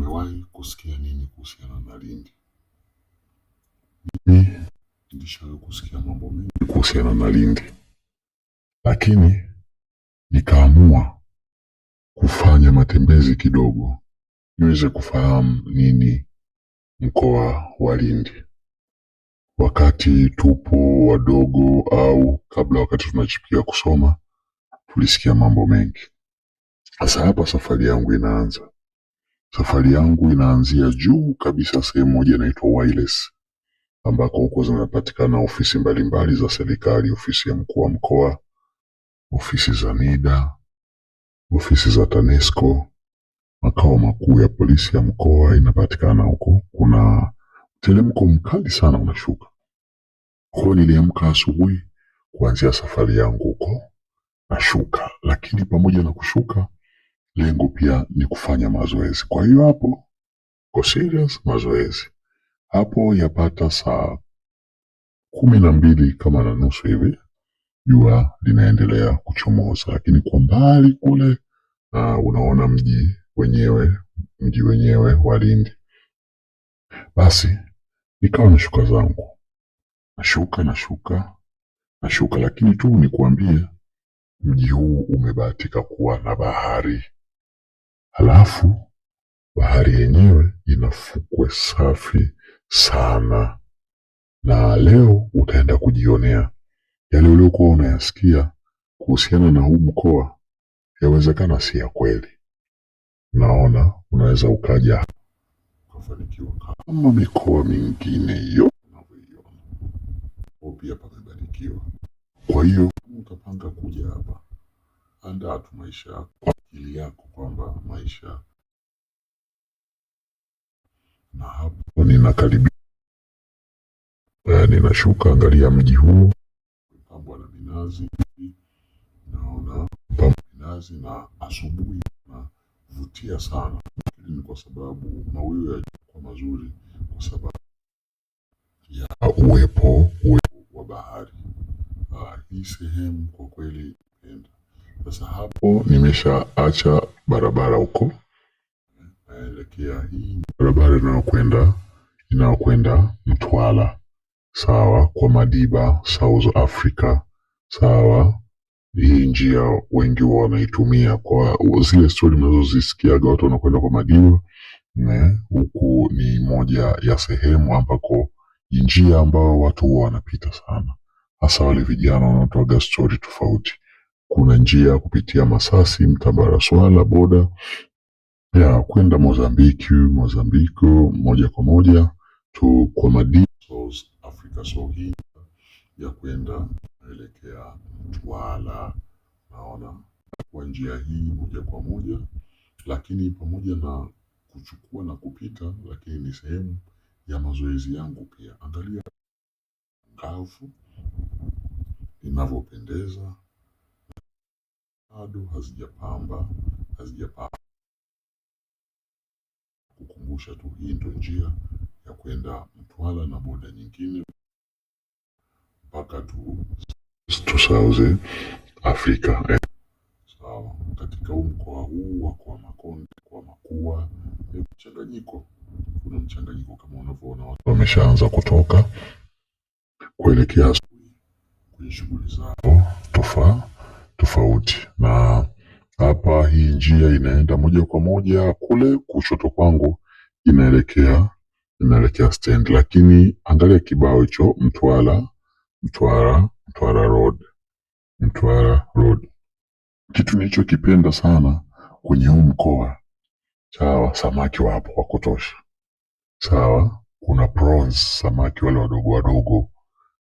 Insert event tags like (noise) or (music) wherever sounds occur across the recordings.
Umewahi kusikia nini kuhusiana na Lindi? Mimi nilishawahi kusikia mambo mengi kuhusiana na Lindi, lakini nikaamua kufanya matembezi kidogo niweze kufahamu nini mkoa wa Lindi. Wakati tupo wadogo au kabla, wakati tunachipia kusoma, tulisikia mambo mengi. Sasa hapa safari yangu inaanza. Safari yangu inaanzia juu kabisa sehemu moja inaitwa Wireless, ambako huko zinapatikana ofisi mbalimbali za serikali, ofisi ya mkuu wa mkoa, ofisi za NIDA, ofisi za TANESCO. Makao makuu ya polisi ya mkoa inapatikana huko. Kuna mteremko mkali sana unashuka. kwao. niliamka asubuhi kuanzia safari yangu huko, nashuka, lakini pamoja na kushuka lengo pia ni kufanya mazoezi. Kwa hiyo hapo kwa serious mazoezi hapo, yapata saa kumi na mbili kama na nusu hivi jua linaendelea kuchomoza, lakini kwa mbali kule uh, unaona mji wenyewe mji wenyewe wa Lindi. Basi nikawa shuka zangu, nashuka nashuka nashuka, lakini tu nikuambie mji huu umebahatika kuwa na bahari Halafu bahari yenyewe ina fukwe safi sana, na leo utaenda kujionea yale uliokuwa unayasikia kuhusiana na huu mkoa, yawezekana si ya kweli. Naona unaweza ukaja kufanikiwa kama mikoa mingine yote pia pamebarikiwa. Kwa hiyo utapanga kuja hapa andaa tu maisha yako kwa akili yako kwamba maisha na hapo ninakaribia ninashuka, angalia mji huo pambwa na minazi, naona pambwa minazi na asubuhi navutia sana. Hili ni kwa sababu mawio yalikuwa mazuri kwa sababu ya uwepo, uwepo wa bahari. Uh, hii sehemu kwa kweli sasa hapo nimeshaacha barabara huko, naelekea hii barabara inayokwenda inayokwenda Mtwara, sawa kwa Madiba, South Africa, sawa hii njia wengi huwa wanaitumia kwa zile stori mnazozisikiaga watu wanakwenda kwa Madiba. Huku ni moja ya sehemu ambako njia ambao watu huwa wanapita sana, hasa wale vijana wanaotoaga stori tofauti kuna njia kupitia Masasi, Mtabara, Swala boda ya kwenda Mozambiki, Mozambiko moja kwa moja tu kwa madini Afrika Sohinja ya kwenda naelekea Twala, Naona kwa njia hii moja kwa moja, lakini pamoja na kuchukua na kupita, lakini ni sehemu ya mazoezi yangu pia. Angalia ngavu inavyopendeza bado hazijapamba hazijapamba kukumbusha tu hii ndio njia ya kwenda Mtwara na boda nyingine mpaka tu tusauze Afrika sawa. Katika huu mkoa huu wa kwa Makonde, kwa Makua ni mchanganyiko, kuna mchanganyiko kama unavyoona, watu wameshaanza kutoka kuelekea kwenye shughuli zao tofauti tofauti, na hapa hii njia inaenda moja kwa moja kule kushoto kwangu inaelekea inaelekea stand, lakini angalia kibao hicho Mtwara Mtwara Mtwara road Mtwara road. Kitu kipenda sana kwenye huu mkoa, sawa, samaki wapo wa kutosha, sawa, kuna prawns, samaki wale wadogo wadogo,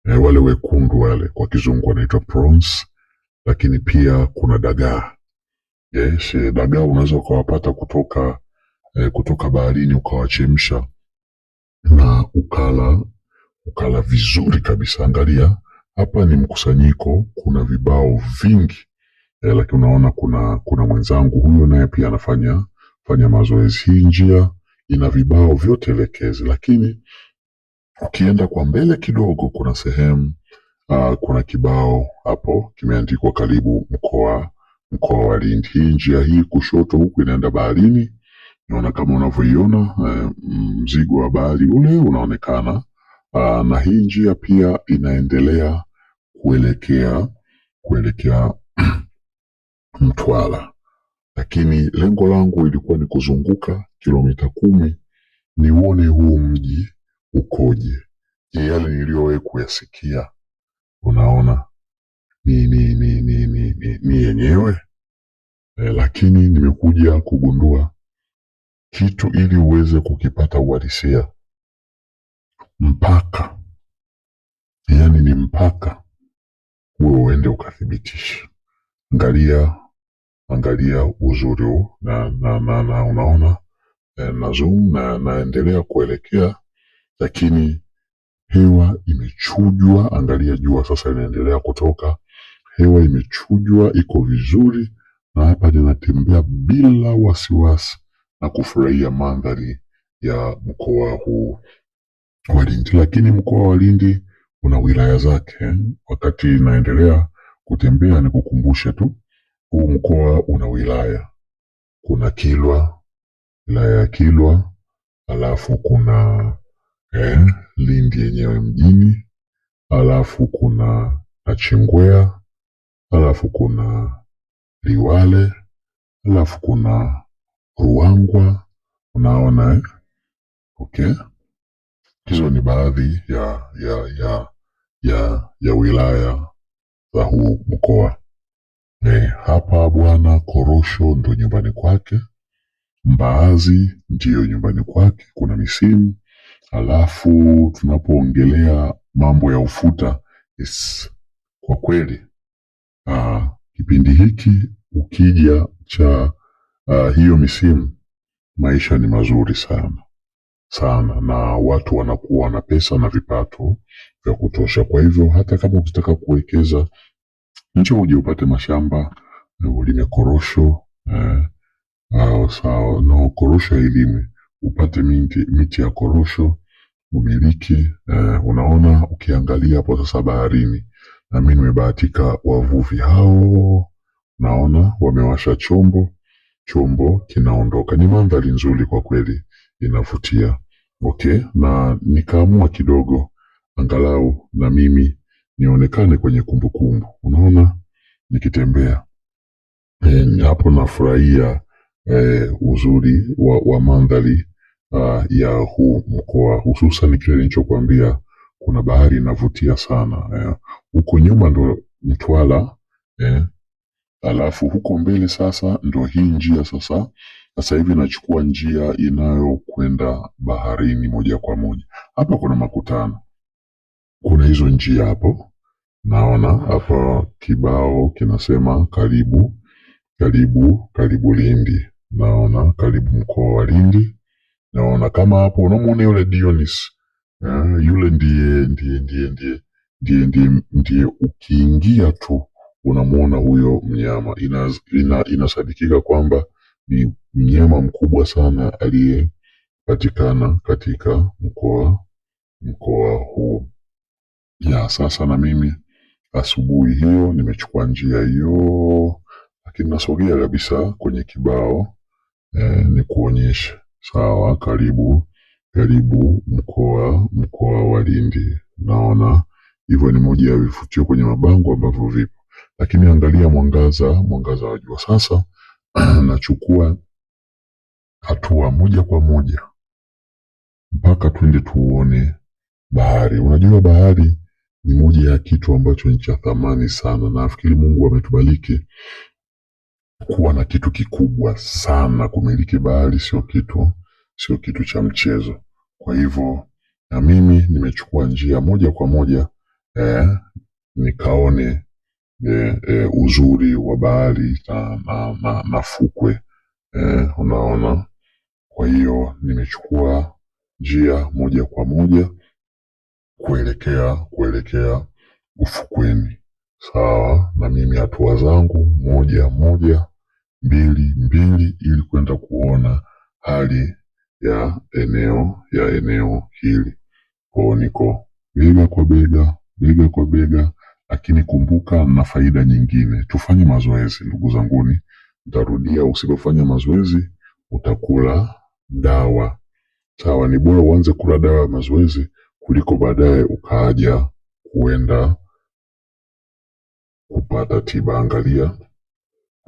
e, wale wekundu wale, kwa kizungu wanaitwa prawns lakini pia kuna dagaa. Yes, eh, dagaa unaweza ukawapata kutoka, eh, kutoka baharini ukawachemsha na ukala ukala vizuri kabisa. Angalia hapa ni mkusanyiko, kuna vibao vingi eh, lakini unaona kuna kuna mwenzangu huyo naye pia anafanya fanya mazoezi. Hii njia ina vibao vyote elekezi, lakini ukienda kwa mbele kidogo kuna sehemu Uh, kuna kibao hapo kimeandikwa karibu mkoa mkoa wa Lindi. Hii njia hii kushoto huku inaenda baharini, naona kama unavyoiona eh, mzigo wa bahari ule unaonekana. Uh, na hii njia pia inaendelea kuelekea kuelekea (clears throat) Mtwara, lakini lengo langu ilikuwa ni kuzunguka kilomita kumi niuone huu mji ukoje. Je, yale niliyowee kuyasikia unaona mi mi mi mi mi mi mi yenyewe e, lakini nimekuja kugundua kitu ili uweze kukipata uhalisia mpaka yani ni mpaka uwe uende ukathibitisha. Angalia, angalia uzuri huu na, na, na, na unaona eh, na zoom na naendelea kuelekea, lakini Hewa imechujwa, angalia jua sasa inaendelea kutoka. Hewa imechujwa iko vizuri, na hapa ninatembea bila wasiwasi na kufurahia mandhari ya mkoa huu wa Lindi. Lakini mkoa wa Lindi una wilaya zake. Wakati naendelea kutembea, nikukumbushe tu huu mkoa una wilaya, kuna Kilwa, wilaya ya Kilwa, alafu kuna eh, Lindi yenyewe mjini, alafu kuna Nachingwea, alafu kuna Liwale, alafu kuna Ruangwa. Unaona eh? Okay, hizo ni baadhi ya ya ya ya, ya wilaya za huu mkoa eh. Hapa bwana Korosho ndo nyumbani kwake, Mbaazi ndiyo nyumbani kwake, kuna Misimu Halafu tunapoongelea mambo ya ufuta yes. Kwa kweli uh, kipindi hiki ukija cha uh, hiyo misimu maisha ni mazuri sana sana, na watu wanakuwa na pesa na vipato vya kutosha. Kwa hivyo hata kama ukitaka kuwekeza nje, uje upate mashamba, eh, ulime korosho eh, ah, sawa, no korosho ilime upate miti, miti ya korosho umiliki. Eh, unaona ukiangalia hapo sasa baharini, na mimi nimebahatika, wavuvi hao naona wamewasha chombo, chombo kinaondoka. Ni mandhari nzuri kwa kweli, inavutia. Okay, na nikaamua kidogo angalau na mimi nionekane kwenye kumbukumbu -kumbu. Unaona nikitembea eh, hapo e, nafurahia e, uzuri wa, wa mandhari uh, ya huu mkoa hususan kile nilichokuambia kuna bahari inavutia sana eh. huko eh. Nyuma ndo mtwala eh. Alafu huko mbele sasa ndo hii njia sasa sasa hivi inachukua njia inayokwenda baharini moja kwa moja. Hapa kuna makutano, kuna hizo njia hapo. Naona hapa kibao kinasema karibu karibu karibu Lindi, naona karibu mkoa wa Lindi Naona kama hapo unamwona yule Dionis ah, yule ndiye ndiye ndiye ndiye ndiye ndiye ndiye, ukiingia tu unamwona huyo mnyama. Ina, ina, inasadikika kwamba ni mnyama mkubwa sana aliyepatikana katika mkoa mkoa huu. Ya sasa na mimi asubuhi hiyo nimechukua njia hiyo, lakini nasogea kabisa kwenye kibao eh, ni kuonyesha Sawa, karibu karibu mkoa mkoa wa Lindi. Naona hivyo ni moja ya vifutio kwenye mabango ambavyo vipo, lakini angalia mwangaza mwangaza wa jua. Sasa (clears throat) nachukua hatua moja kwa moja mpaka twende tuone bahari. Unajua bahari ni moja ya kitu ambacho ni cha thamani sana, na nafikiri Mungu ametubariki kuwa na kitu kikubwa sana. Kumiliki bahari sio kitu sio kitu cha mchezo. Kwa hivyo na mimi nimechukua njia moja kwa moja eh, nikaone eh, eh, uzuri wa bahari na, na, na, na fukwe eh, unaona. Kwa hiyo nimechukua njia moja kwa moja kuelekea kuelekea ufukweni sawa na mimi hatua zangu moja moja mbili mbili, ili kwenda kuona hali ya eneo ya eneo hili. Kwa niko bega kwa bega bega kwa bega, lakini kumbuka na faida nyingine, tufanye mazoezi ndugu zanguni. Ntarudia, usipofanya mazoezi utakula dawa sawa. Ni bora uanze kula dawa ya mazoezi kuliko baadaye ukaja kuenda kupata tiba. Angalia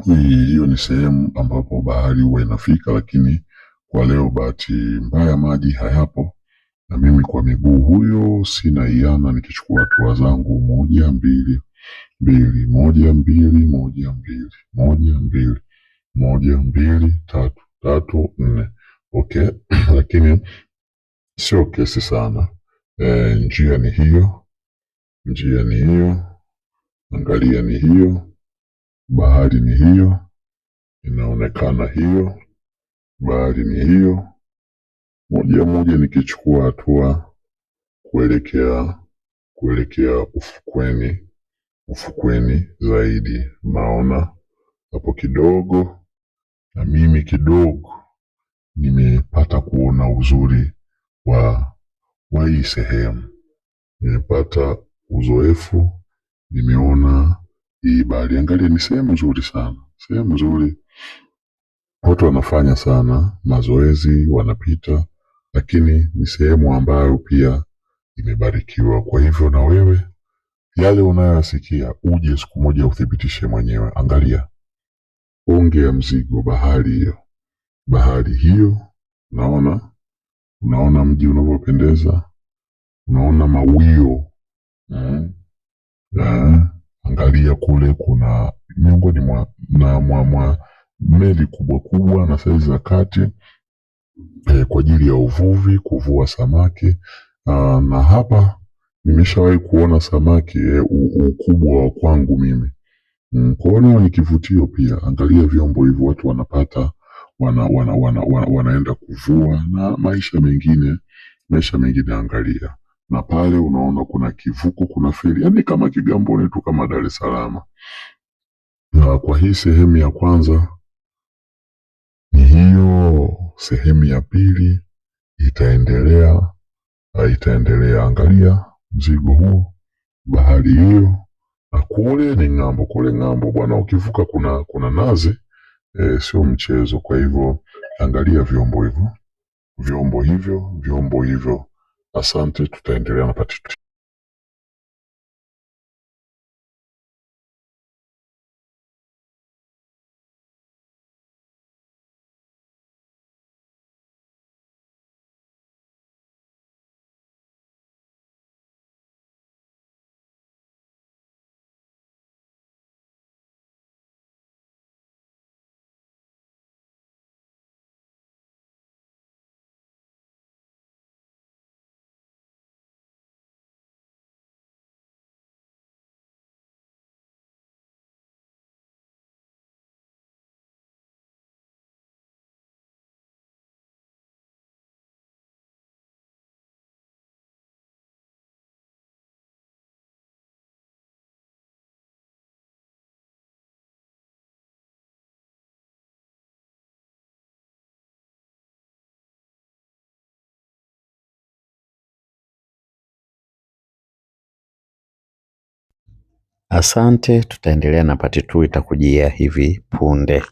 hiyo ni sehemu ambapo bahari huwa inafika, lakini kwa leo bahati mbaya maji hayapo, na mimi kwa miguu huyo sina iana, nikichukua hatua zangu moja mbili mbili moja mbili moja mbili moja mbili moja mbili tatu tatu nne. Okay, (clears throat) lakini sio kesi sana. E, njia ni hiyo, njia ni hiyo Angalia ni hiyo, bahari ni hiyo, inaonekana hiyo, bahari ni hiyo. Moja moja nikichukua hatua kuelekea kuelekea ufukweni, ufukweni zaidi, naona hapo kidogo, na mimi kidogo nimepata kuona uzuri wa wa hii sehemu, nimepata uzoefu nimeona hii bahari. Angalia, ni sehemu nzuri sana, sehemu nzuri, watu wanafanya sana mazoezi, wanapita, lakini ni sehemu ambayo pia imebarikiwa. Kwa hivyo na wewe yale unayoyasikia uje siku moja uthibitishe mwenyewe. Angalia onge ya mzigo, bahari hiyo, bahari hiyo, unaona unaona mji unavyopendeza, unaona mawio mm na angalia kule kuna miongoni mwa na mwa, mwa meli kubwa kubwa na saizi za kati e, kwa ajili ya uvuvi kuvua samaki aa, ah, na hapa nimeshawahi kuona samaki e, ukubwa wa kwangu mimi mm, kwaona ni kivutio pia. Angalia vyombo hivyo watu wanapata wana, wana, wana, wana, wanaenda kuvua na maisha mengine maisha mengine angalia na pale unaona kuna kivuko, kuna feri, yani kama Kigamboni tu, kama Dar es Salaam. Na kwa hii sehemu ya kwanza ni hiyo, sehemu ya pili itaendelea itaendelea. Angalia mzigo huo, bahari hiyo, na kule ni ng'ambo, kule ng'ambo bwana, ukivuka kuna kuna nazi e, sio mchezo. Kwa hivyo angalia vyombo hivyo vyombo hivyo vyombo hivyo asante tutaendelea na pati Asante, tutaendelea na part 2 itakujia hivi punde.